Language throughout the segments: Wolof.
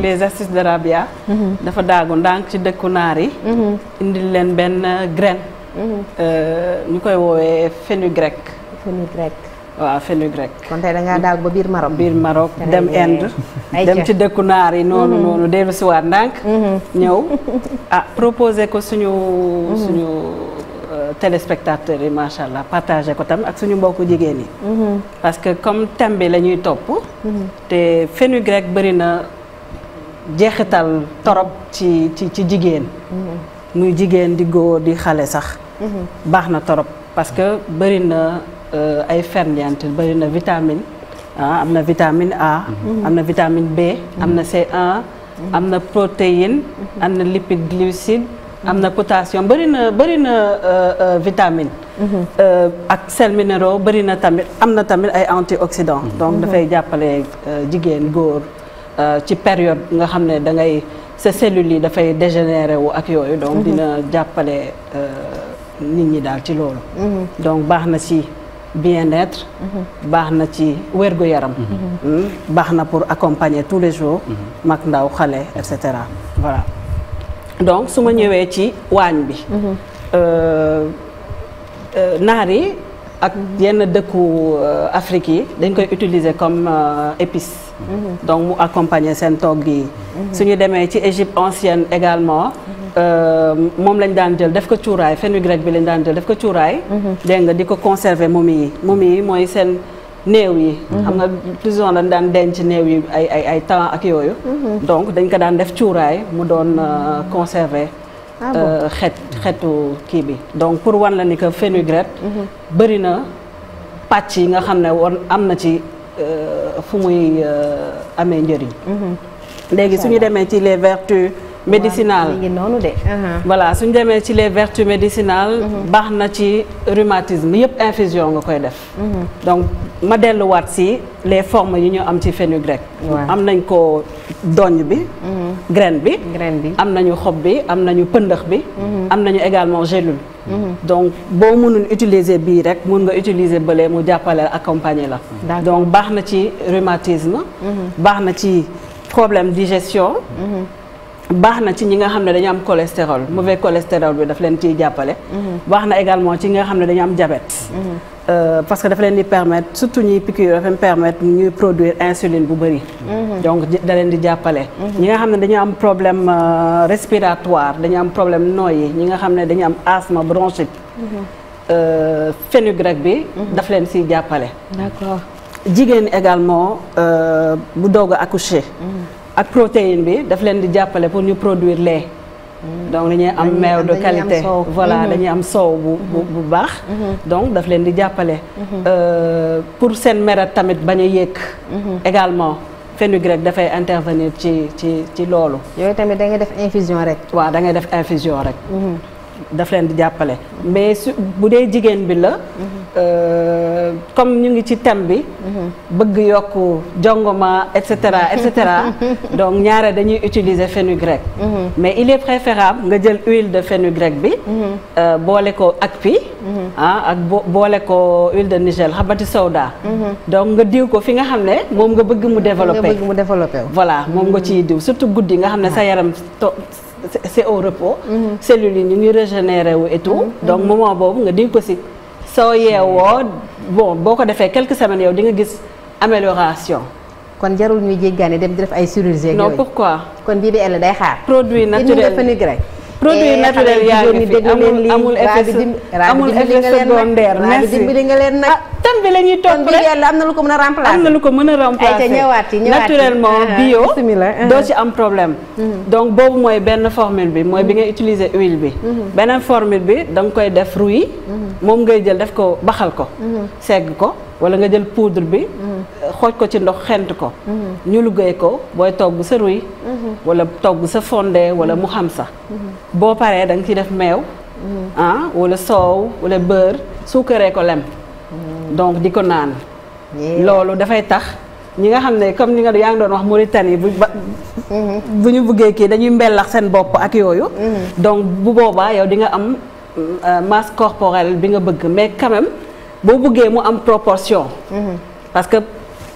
les assises de Rabia mhm. dafa daagu ndànk ci dëkku naar yi mhm. indi leen benn graine mhm. euh, ñu koy woowee fenugrec fenugrec waaw fenugrec kon tey da ngaa daal ba biir Maroc biir Maroc dem Inde dem ci dëkku naar yi noonu noonu dellu si waat ndànk ñëw ah proposé ko suñu suñu euh, téléspectateurs yi macha allah partagé ko tam ak suñu mbokku jigéen yi parce que comme thème bi la topp te fenugrec bëri na jeexital torop ci ci ci jigéen mhm. muy jigéen di góor di xalé sax mhm. baxna torop parce que bëri na euh, ay ferñeent bëri na vitamine amna vitamine A mhm. amna vitamine B amna C1 amna protéine amna lipide glucide amna potassium bëri na bëri na euh, euh, vitamine ak sel minéraux bëri na tamit amna tamit ay antioxydants donc da fay jappalé jigen góor euh, ci période nga xamné da ngay ces cellules yi fay dégénérer wu ak yoyu donc mhm. dina jappalé euh nit ñi dal ci lolu mhm. donc baxna ci bien-être. Mhm. baxna ci wergu yaram. Hmm, baxna pour accompagner tous les jours. mak ndaw xalé et cetera voilà. donc suma ñëwé ci wañ bi. euh euh yi ak yenn dëkku euh, Afrique yi koy utiliser comme euh, épice mhm. donc mu accompagner seen togg yi mhm. suñu demee ci Égypte ancienne également mom mhm. euh, lañ dan jël def ko cuuraay grec bi lañ dan jël def ko cuuraay dégg nga di conserver momie momie moy sen mooy yi xam nga prison lañ dan denc néew yi ay ay ay temps ak yoyu donc dañ ko dan def cuuraay mu don conserver ah euh xet xeetu kii bi donc pour wan la ni que fenugrec mhm. bëri na pàcc yi nga xam ne woon am na ci euh, fu muy euh, amee njëriñ mhm. léegi su ñu demee ci les médicinales uh-huh. voilà suñu demee ci les vertus médicinales. Uh-huh. baax na ci rhumatisme yëpp infusion nga koy def. Uh-huh. donc ma delluwaat si les formes yi ñu am ci fenugrec. am nañ ko doñ bi. graine bi graine bi am nañu xob am nañu pëndëx bi. am nañu également gélule. donc boo mënul utiliser bi rek mun nga utiliser bële mu jàppale accompagner la. donc baxna ci rhumatisme. baax na ci problème digestion baxna ci ñi nga xam dañu am cholestérol mauvais cholestérol bi daf leen ci jappalé mhm. baxna également ci nga xam dañu am diabète. Mhm. Euh, parce que daf leen di permettre surtout ñi piqûre dafa leen permettre ñuy produire insuline bu bari mhm. donc da leen di jappalé ñi nga xam dañu am problème euh, respiratoire dañu am problème noyyi ñi nga xam dañu am asthme bronchite. Euh, fenugrec bi. daf leen ci jappalé d'accord jigen également bu doog accoucher ak protéine bi daf leen di jàppale pour ñu produire lait. donc dañuy am meew de qualité voilà mhm. dañuy am soow bu bu mhm. baax. Mhm. donc daf leen di jàppale. Euh, pour seen meret tamit bañ a yéeg. également fenugrec dafay intervenir ci ci ci loolu. yooyu tamit da ngay def infusion rek. waaw da ngay def infusion rek. daf leen di jàppale mais su bu dee jigéen bi la euh, comme ñu ngi ci thème bi bëgg yokk jongoma et cetera et cetera donc ñaare dañuy utiliser fenugrec mhm. mais il est préférable nga jël huile de fenugrec bi mhm. euh, boole ko ak pi mhm. ah ak boole ko huile de nigel xabati sowda donc nga diw ko fi nga xam ne moom nga bëgg mu développé voilà moom nga yi diw surtout guddi nga xam ne sa yaram c'est au repos. Mm-hmm. cellules ni ñu régénérer et tout. Mm-hmm. donc moment boobu nga di ko si soo yeewoo mm-hmm. bon boko défé quelques semaines yow di nga gis amélioration. kon jarul ñuy jéggaane dem di def ay chirurgie non pourquoi kon bii bi elle day xaar. produit naturel produit eh, naturel yaa ngi fi amul amul effet amul effet secondaire merci dimbali nga leen nag ah, tam bi la ñuy topp rek am na lu ko mën a remplacer am na lu ko mën a remplacer ñëwaat yi naturellement ah, bio ah. doo ci am problème mhm. donc boobu mooy benn formule bi mooy bi mhm. ngay utiliser huile bi mhm. beneen formule bi da nga koy def roux moom ngay jël def ko baxal ko segg ko wala nga jël poudre bi xooj ko ci ndox xent ko ñu liggéey ko booy togg sa ruy wala togg sa fondé wala mu xam sa qui ci def ou le mm-hmm. ah, wala ou wala beurre sucré ko lem mm-hmm. donc di nan lolu da fay tax ñi comme ni nga wax Mauritanie bu mm-hmm. dañuy mbellax sen donc bu boba yow di euh, masse corporelle bi mais quand même vous mu am proportion parce que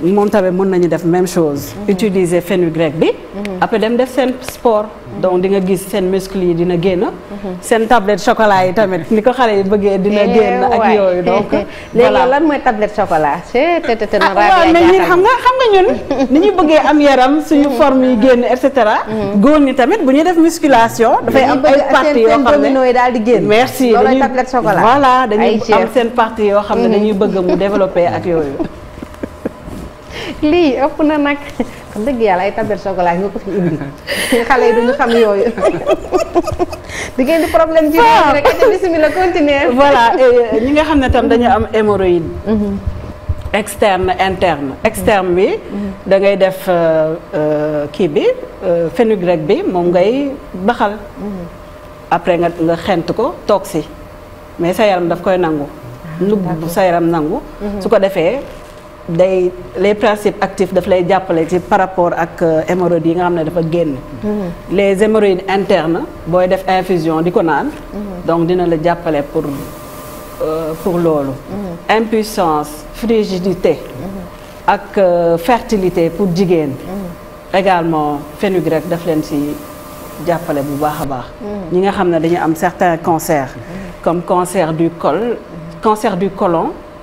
mon tamit mon nañu def même chose. Mhm. utiliser fenugrec bi. Mhm. après dem def sen sport. Mhm. donc di nga gis sen muscle yi dina génn. sen tablette chocolat yi tamit ni xalé xale yi bëggee dina eh guen ak yoy donc voilà lan moy tablette chocolat. te te te na waaw mais ni xam nga xam nga ñun. ni ñu beugé am yaram suñu forme yi génn et cetera. goor ni tamit buñu def musculation. da fay am ay parties yoo xam ne seen di guen merci dañuy tablette chocolat. voilà dañuy am sen parties yo xam dañuy bëgg mu développer ak yooyu. li aku na nag ya lah yàlla ay tablette chocolat yi nga ko fi indi xale yi duñu xam yooyu problem juga. di problème ci réew rek te bismillah continuer voilà ñi nga xam ne tam am hémorroïde mhm. externe interne externe bi mhm. da ngay def euh, euh, kii bi euh, fenugrec bi moom ngay baxal mhm. après nga nga xent ko toog si mais sa yaram daf koy nangu ah, lu sa yaram nangu su ko les principes actifs de la jappalé ci par rapport à l'hémorroïde euh, mm-hmm. les hémorroïdes internes boy def infusion du nan mm-hmm. donc dina la jappalé pour euh, pour lolu mm-hmm. impuissance frigidité. ak euh, fertilité pour jigéen. également fenugrec daf len ci jappalé bu baax a baax. ñi nga certains cancers. comme cancer du col. cancer du colon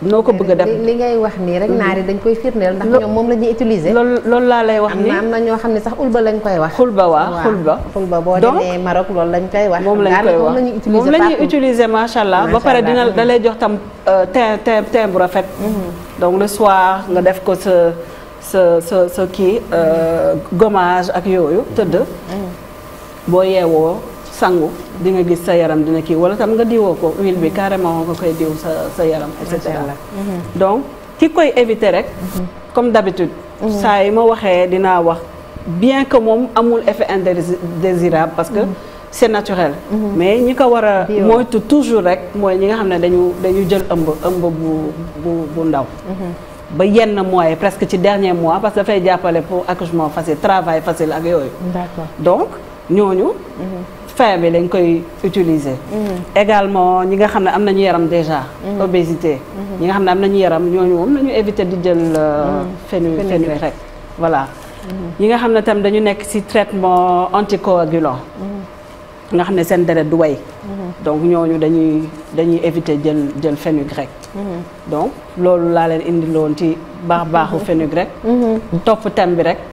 noo ko bëgg a def li ngay wax nii rek mm-hmm. naar yi dañ koy firndeel ndax ñoom moom la ñuy utiliser loolu loolu laa lay wax ni am na ñoo xam ne sax ulba lañ koy wax xulba waaw xulba xulba boo demee Maroc lool lañ koy wax moom lañ koy wax moom la ñuy utiliser macha allah ba pare dina da jox tam euh, teint teint teint bu rafet mm-hmm. donc le soir nga def ko sa sa sa sa kii euh, gommage ak yooyu tëdd mm-hmm. boo yeewoo sangu di nga gis sa yaram dina kii wala tam nga diwoo ko huile bi carrément nga koy diw sa sa yaram et cetera mhm. donc ki koy éviter rek mhm. comme d'habitude mhm. saa yi ma waxee dinaa wax bien que moom amul effet indésirable parce que c'est naturel mais ñi ko war a moytu toujours rek mooy ñi nga xam ne dañu dañu jël ëmb ëmb bu bu bu ndaw ba yenn mois presque ci dernier mois parce que dafay jàppale pour accouchement facile travail facile ak yooyu d'accord donc ñooñu fin bi lañ koy utiliser. Mm. également ñi nga xam ne am yaram déjà. Mm. obésité. Mm-hmm. ñi nga xam ne am nañu ñoo ñooñu moom nañu éviter di jël. Euh, mm. fenu rek voilà. Mm-hmm. ñi nga xamne tam dañu nek ci traitement anticoagulant. Mm-hmm. nga xamne sen seen du way. donc ñoo ñu dañuy dañuy éviter jël jël fenugrec. donc lolu la leen indi indiloon ci baax baaxu fenugrec. top tam bi rek.